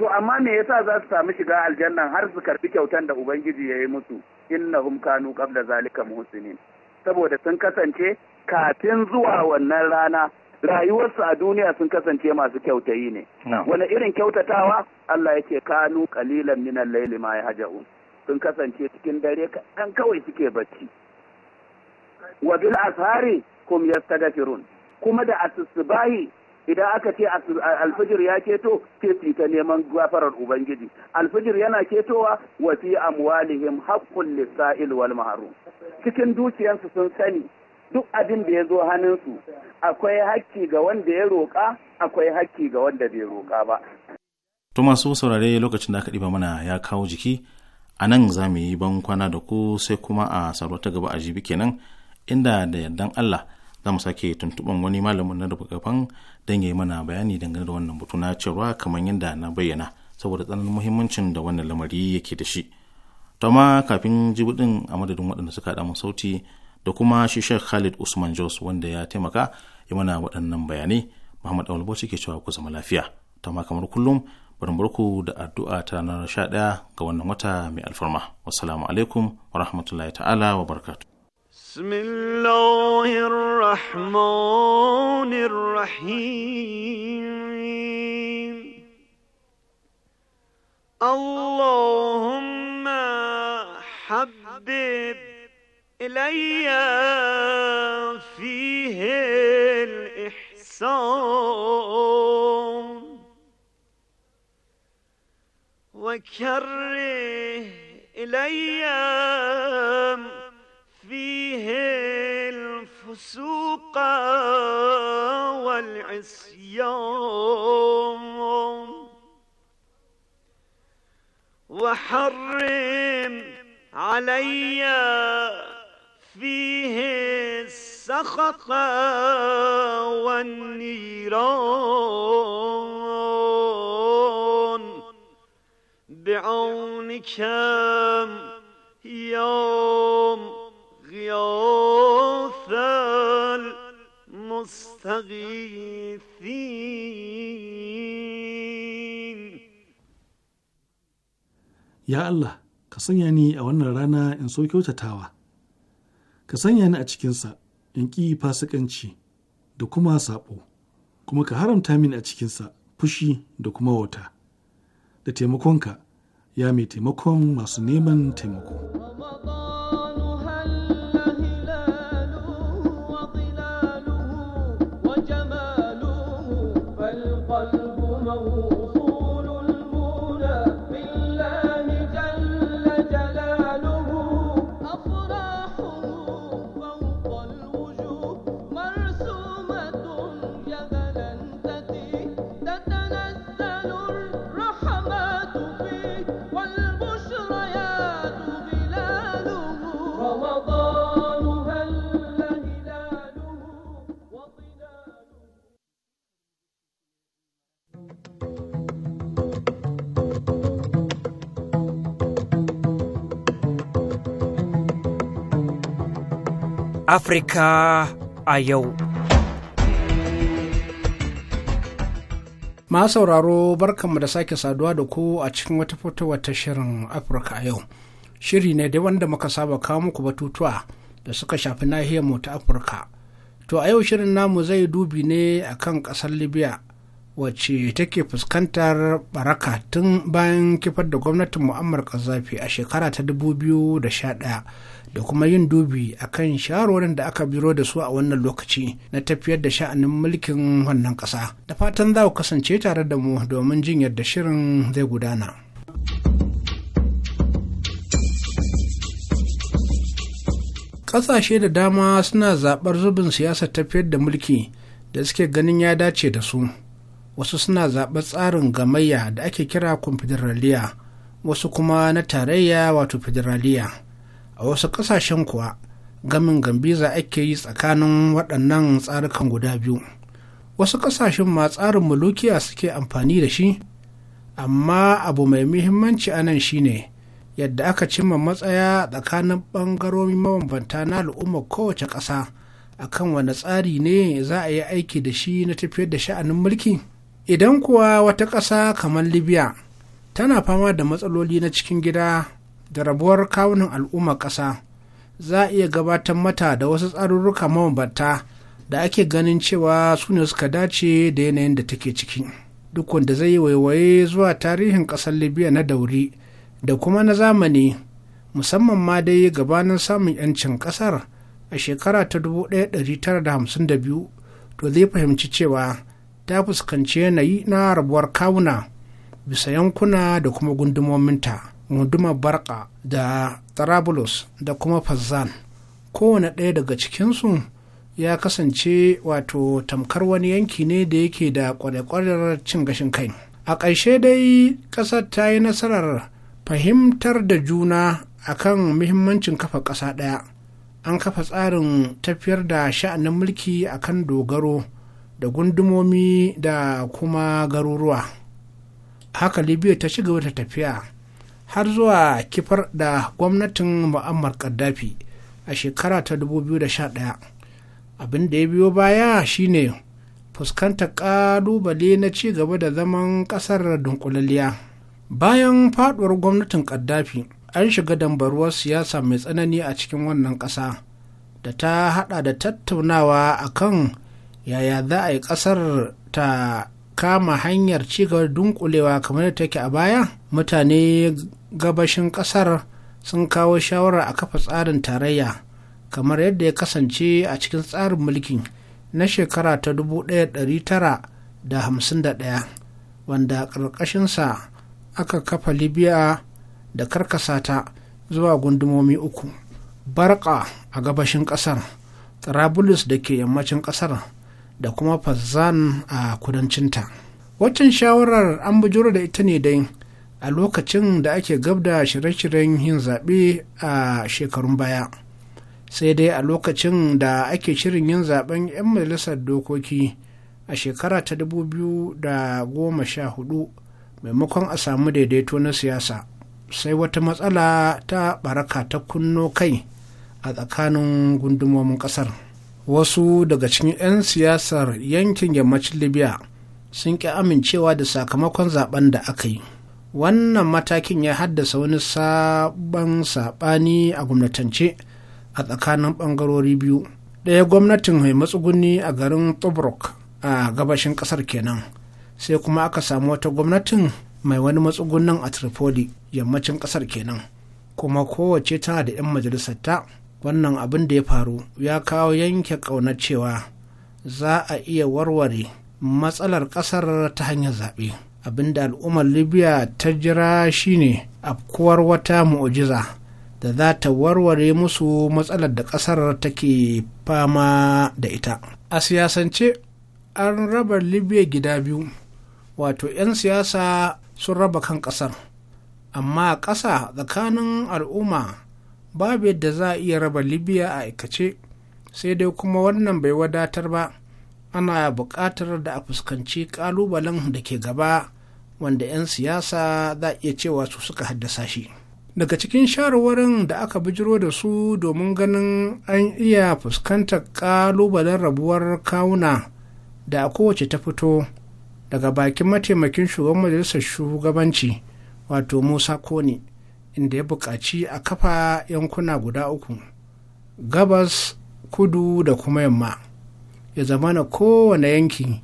to amma me yasa za su samu shiga aljannan har su karbi kyautan da ubangiji ya yi musu innahum kanu qabla zalika muhsinin saboda sun kasance kafin zuwa wannan rana rayuwarsu a duniya sun kasance masu kyautayi ne wani irin kyautatawa Allah yake kanu qalilan min al-layli ma yahjaun sun kasance cikin dare kan kawai suke bacci wa bil ashari kum yastaghfirun kuma da asusubahi idan aka ce alfijir ya keto ke fita ta neman gafarar ubangiji alfijir yana ketowa wa fi amwalihim haqqul lisa'il wal mahrum cikin dukiyansu sun sani duk abin da ya zo hannunsu akwai hakki ga wanda ya roƙa akwai hakki ga wanda bai roƙa ba to masu saurare lokacin da aka ɗiba mana ya kawo jiki a nan za mu yi ban kwana da ku sai kuma a ta gaba a jibi kenan inda da yardan Allah za mu sake tuntuɓan wani malamin na daga don ya yi mana bayani dangane da wannan batu na cewa kamar yadda na bayyana saboda tsananin muhimmancin da wannan lamari yake da shi to ma kafin jibudin a madadin waɗanda suka haɗa sauti da kuma shi Sheikh Khalid Usman Jos wanda ya taimaka ya mana waɗannan bayanai Muhammad Awul ke cewa ku zama lafiya ta ma kamar kullum bari barku da addu'a ta ranar 11 ga wannan wata mai alfarma wassalamu alaikum wa rahmatullahi ta'ala wa barakatuh بسم الله الرحمن الرحيم اللهم حبب إلي فيه الإحسان وكره إلي فيه الفسوق والعصيان وحرم علي فيه السخط والنيران بعونك يوم Ya Allah, ka sanya ni a wannan rana in so kyautatawa, ka sanya ni a cikinsa in ƙi fasikanci da kuma saɓo, kuma ka haramta min a cikinsa fushi da kuma wata, da taimakonka, ya mai taimakon masu neman taimako. Afirka a yau. Ma sauraro barkanmu da sake saduwa da ku a cikin wata fitowa ta shirin Afirka a yau. Shiri ne dai wanda muka saba kawo muku batutuwa da suka shafi mu ta Afirka. To a yau shirin namu zai dubi ne akan ƙasar Libya wacce take fuskantar baraka tun bayan kifar da gwamnatin mu'ammar kazafi a shekara ta 2011 da kuma yin dubi a kan shawarwarin da aka biro da su a wannan lokaci na tafiyar da sha'anin mulkin wannan ƙasa da fatan za ku kasance tare da mu domin jin yadda shirin zai gudana. Ƙasashe da dama suna zaɓar zubin siyasa tafiyar da mulki da suke ganin ya dace da su wasu suna zaɓar tsarin gamayya da ake kira confederaliya wasu kuma na tarayya wato federaliya a wasu ƙasashen kuwa gamin gambiza ake yi tsakanin waɗannan tsarukan guda biyu wasu ƙasashen ma tsarin mulukiya suke amfani da shi amma abu mai muhimmanci anan shine yadda aka cimma matsaya tsakanin ɓangarori mabambanta na al'ummar kowace ƙasa akan wani tsari ne za a yi aiki da shi na tafiyar da sha'anin mulki idan kuwa wata ƙasa kamar libya tana fama da matsaloli na cikin gida da rabuwar kawunan al'ummar ƙasa za a iya gabatar mata da wasu tsarurruka mabambanta da ake ganin cewa su ne suka dace da yanayin da take ciki duk wanda zai yi waiwaye zuwa tarihin ƙasar libya na dauri da kuma na zamani musamman ma dai gabanin samun 'yancin ƙasar a shekara ta 1952 to zai fahimci cewa ta fuskanci yanayi na rabuwar kawuna bisa yankuna da kuma gundumominta gundumar barka da Trablus da kuma fazan, Kowane ɗaya daga cikinsu ya kasance wato tamkar wani yanki ne da yake da kwarekwarar cin gashin kai. A ƙarshe dai ƙasar ta yi nasarar fahimtar da juna akan muhimmancin kafa ƙasa ɗaya. An kafa tsarin tafiyar da sha'anin mulki akan dogaro. da gundumomi da kuma garuruwa haka libya ta ci gaba da tafiya har zuwa kifar da gwamnatin mu'ammar gaddafi a shekara ta 2011 abin da ya biyo baya shine fuskantar ƙalubale na ci gaba da zaman ƙasar dunkulaliya bayan faduwar gwamnatin gaddafi an shiga dambaruwar siyasa mai tsanani a cikin wannan ƙasa da ta hada da tattaunawa akan yaya za a yi ƙasar ta kama hanyar cigaba da dunkulewa kamar da take a baya mutane gabashin ƙasar sun kawo shawara a kafa tsarin tarayya kamar yadda ya kasance a cikin tsarin mulkin na shekara ta 1951 wanda ƙarƙashinsa aka kafa libya da karkasa ta zuwa gundumomi uku barka a gabashin ƙasar trabulus da ke yammacin ƙasar da kuma fazan a kudancinta. Waccan shawarar an bujuro da ita ne dai a lokacin da ake gab da shirye-shiryen yin zaɓe a shekarun baya. Sai dai a lokacin da ake shirin yin zaben 'yan majalisar dokoki a shekara ta 2014 maimakon a samu daidaito na siyasa sai wata matsala ta baraka ta kunno kai a tsakanin gundumomin ƙasar. wasu daga cikin 'yan siyasar yankin yammacin libya sun ƙi amincewa da sakamakon zaben da aka yi wannan matakin ya haddasa wani sabon saɓani a gwamnatance a tsakanin ɓangarori biyu ɗaya gwamnatin mai matsuguni a garin tobruk a gabashin ƙasar kenan sai kuma aka samu wata gwamnatin mai wani matsugunan a tripoli yammacin ƙasar kenan kuma kowace tana da 'yan majalisar ta wannan abin da ya faru ya kawo yanke ƙaunar cewa za a iya warware matsalar ƙasar ta hanyar zaɓe Abin da al'ummar libya ta jira shine afkuwar wata mu'ujiza da za ta warware musu matsalar da ƙasar take fama da ita a siyasance an raba libya gida biyu wato 'yan siyasa sun raba kan ƙasar amma ƙasa tsakanin al'umma babu yadda za a iya raba libya a aikace sai dai kuma wannan bai wadatar ba ana buƙatar da a fuskanci ƙalubalen da ke gaba wanda 'yan siyasa za iya cewa su suka haddasa shi daga cikin shawarwarin da aka bijiro da su domin ganin an iya fuskantar ƙalubalen rabuwar kawuna da a kowace ta fito daga bakin mataimakin shugaban majalisar shugabanci wato musa kone inda ya buƙaci a kafa yankuna guda uku gabas kudu da kuma yamma ya zama na kowane yanki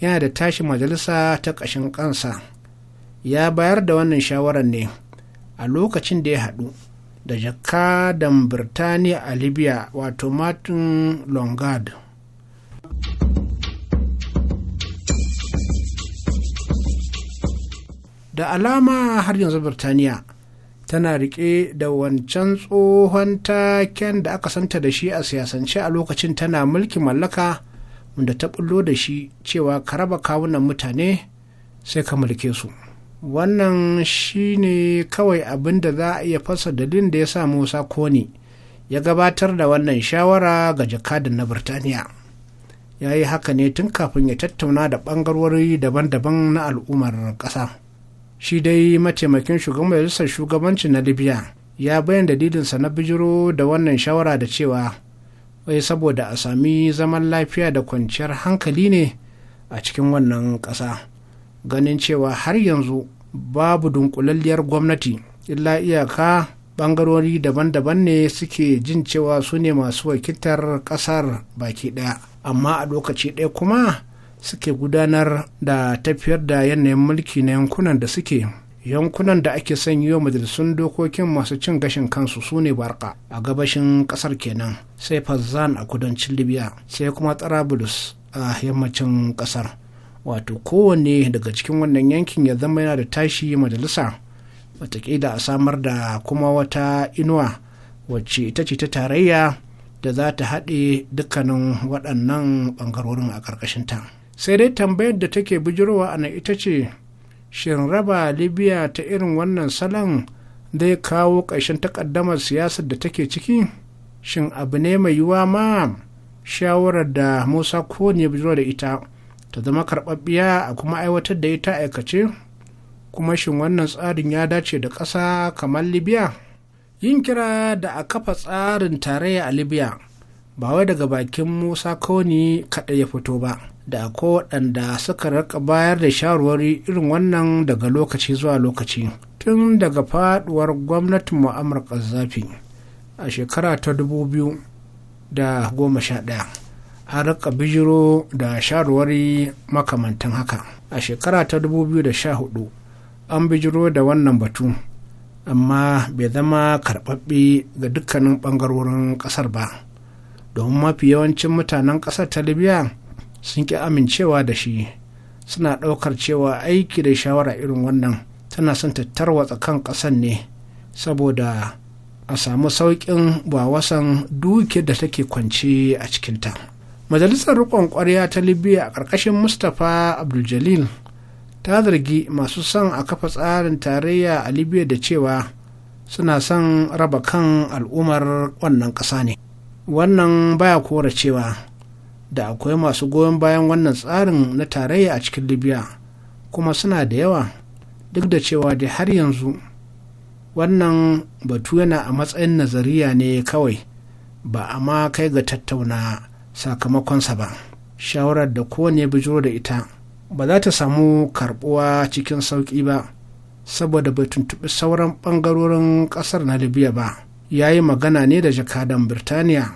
yana da tashi majalisa ta ƙashin kansa ya bayar da wannan shawarar ne a lokacin da ya haɗu da jakadan birtaniya a libya wato martin longard da alama har yanzu birtaniya tana rike da wancan tsohon taken da aka santa da shi a siyasance a lokacin tana mulki mallaka wanda ta bullo da shi cewa ka raba kawunan mutane sai ka mulke su wannan shi ne kawai abin da za a iya fasa dalilin da ya sa musa kone ya gabatar da wannan shawara ga jakadin na birtaniya ya yi haka ne tun kafin ya tattauna da ɓangarori daban-daban na al'ummar ƙasa. shi dai mataimakin shugaban majalisar shugabanci na libya ya bayyana dalilinsa na bijiro da wannan shawara da cewa wai saboda a sami zaman lafiya da kwanciyar hankali ne a cikin wannan ƙasa ganin cewa har yanzu babu dunkulalliyar gwamnati illa iyaka bangarori daban-daban ne suke jin cewa su ne masu wakiltar ƙasar baki ɗaya amma a lokaci ɗaya kuma suke gudanar da tafiyar da yanayin mulki na yankunan da suke yankunan da ake son yi wa majalisun dokokin masu cin gashin kansu su ne barka a gabashin kasar kenan sai fazan a kudancin libya sai kuma tsarabulus a yammacin kasar wato kowanne daga cikin wannan yankin ya zama yana da tashi majalisa watakila a samar da kuma wata inuwa wacce ita ce ta tarayya da za ta haɗe dukkanin waɗannan ɓangarorin a ƙarƙashinta. ta sai dai tambayar da take bijirwa ana ita ce shin raba libya ta irin wannan salon zai kawo ƙarshen takaddamar siyasar da take ciki shin abu ne mai yiwuwa ma shawarar da musa kone ya bijiro da ita ta zama karɓaɓɓiya a kuma aiwatar da ita aikace kuma shin wannan tsarin ya dace da ƙasa kamar libya yin kira da a kafa tsarin tarayya a libya ba wai daga bakin musa kone kaɗai ya fito ba da ko waɗanda suka raka bayar da shawarwari irin wannan daga lokaci zuwa lokaci tun daga faɗuwar gwamnatin mu'amar zafi a shekara ta 2011 an rika bijiro da shawarwari makamantan haka a shekara ta 2014 an bijiro da wannan batu amma bai zama karɓaɓɓe ga dukkanin ɓangarorin ƙasar ba domin mafi yawancin mutanen ƙasar ta libya sun ƙi amincewa da shi suna ɗaukar cewa aiki da shawara irin wannan tana son ta tarwatsa kan ƙasan ne saboda a samu sauƙin bawasan duke da take kwanci a cikinta majalisar riƙon ƙwarya ta libya a ƙarƙashin mustapha abdul ta zargi masu son a kafa tsarin tarayya a libya da cewa suna son raba kan al'ummar wannan ƙasa ne wannan baya kora cewa da akwai masu goyon bayan wannan tsarin na tarayya a cikin libya kuma suna da yawa duk da cewa da har yanzu wannan batu yana a matsayin nazariya ne kawai ba a ma kai ga tattauna sakamakonsa ba shawarar da kowane bijiro da ita ba za ta samu karbuwa cikin sauƙi ba saboda bai tuntuɓi sauran ɓangarorin ƙasar na libya ba ya yi magana ne da jakadan birtaniya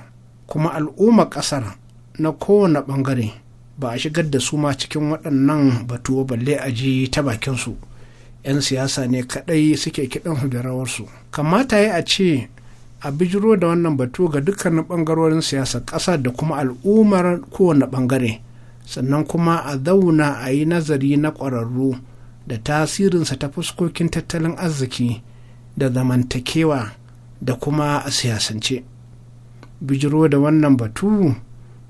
kuma al'ummar ƙasar na kowane bangare ba a shigar da su ma cikin waɗannan batu balle a ji ta bakinsu 'yan siyasa ne kaɗai suke kiɗan rawarsu kamata yi a ce a bijiro da wannan batu ga dukkanin ɓangarorin siyasa ƙasa da kuma al'ummar kowane ɓangare sannan kuma a zauna a yi nazari na ƙwararru da tasirinsa ta fuskokin tattalin arziki da zamantakewa da kuma a siyasance bijiro da wannan batu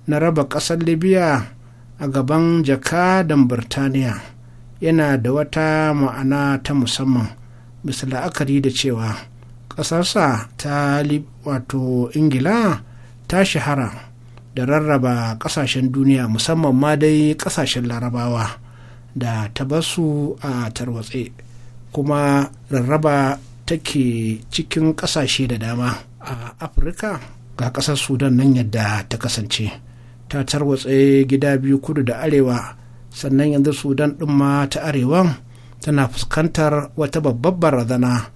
na raba ƙasar libya a gaban jakadan birtaniya yana da wata ma'ana ta musamman bisa la'akari da cewa ƙasarsa ta wato ingila ta shahara da rarraba ƙasashen duniya musamman ma dai ƙasashen larabawa da ta basu a tarwatse kuma rarraba take cikin ƙasashe da dama a afirka ga ƙasar sudan nan yadda ta kasance ta tarwatse gida biyu kudu da arewa sannan yanzu sudan ɗin ma ta arewan tana fuskantar wata babbar barazana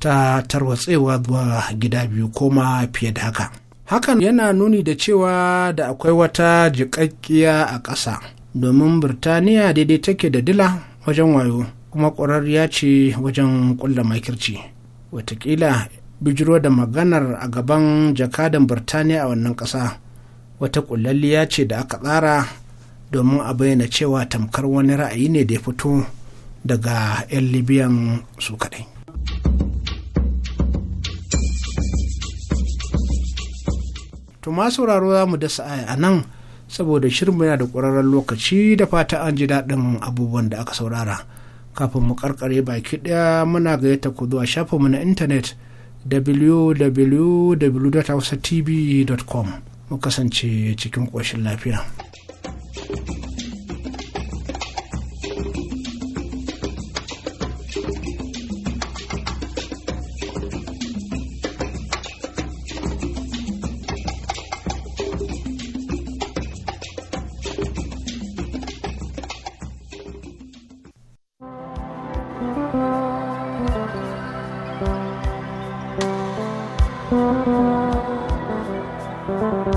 ta tarwatsewa zuwa gida biyu koma fiye da haka hakan yana nuni da cewa da akwai wata jiƙaƙƙiya a ƙasa domin birtaniya daidai take da dila wajen wayo kuma ƙwararriya ce wajen ƙulla makirci watakila bijiro da maganar a gaban jakadan birtaniya a wannan ƙasa wata kullalliya ce da aka tsara domin a bayyana cewa tamkar wani ra'ayi ne da ya fito daga 'yan libyan su kadai. to ma sauraro za mu dasa aya a nan saboda shirin yana da ƙwararren lokaci da fata an ji daɗin abubuwan da aka saurara kafin mu karkare baki ɗaya muna gayyata ku zuwa shafinmu na intanet www.hausatv.com mu kasance cikin ƙoshin lafiya. thank you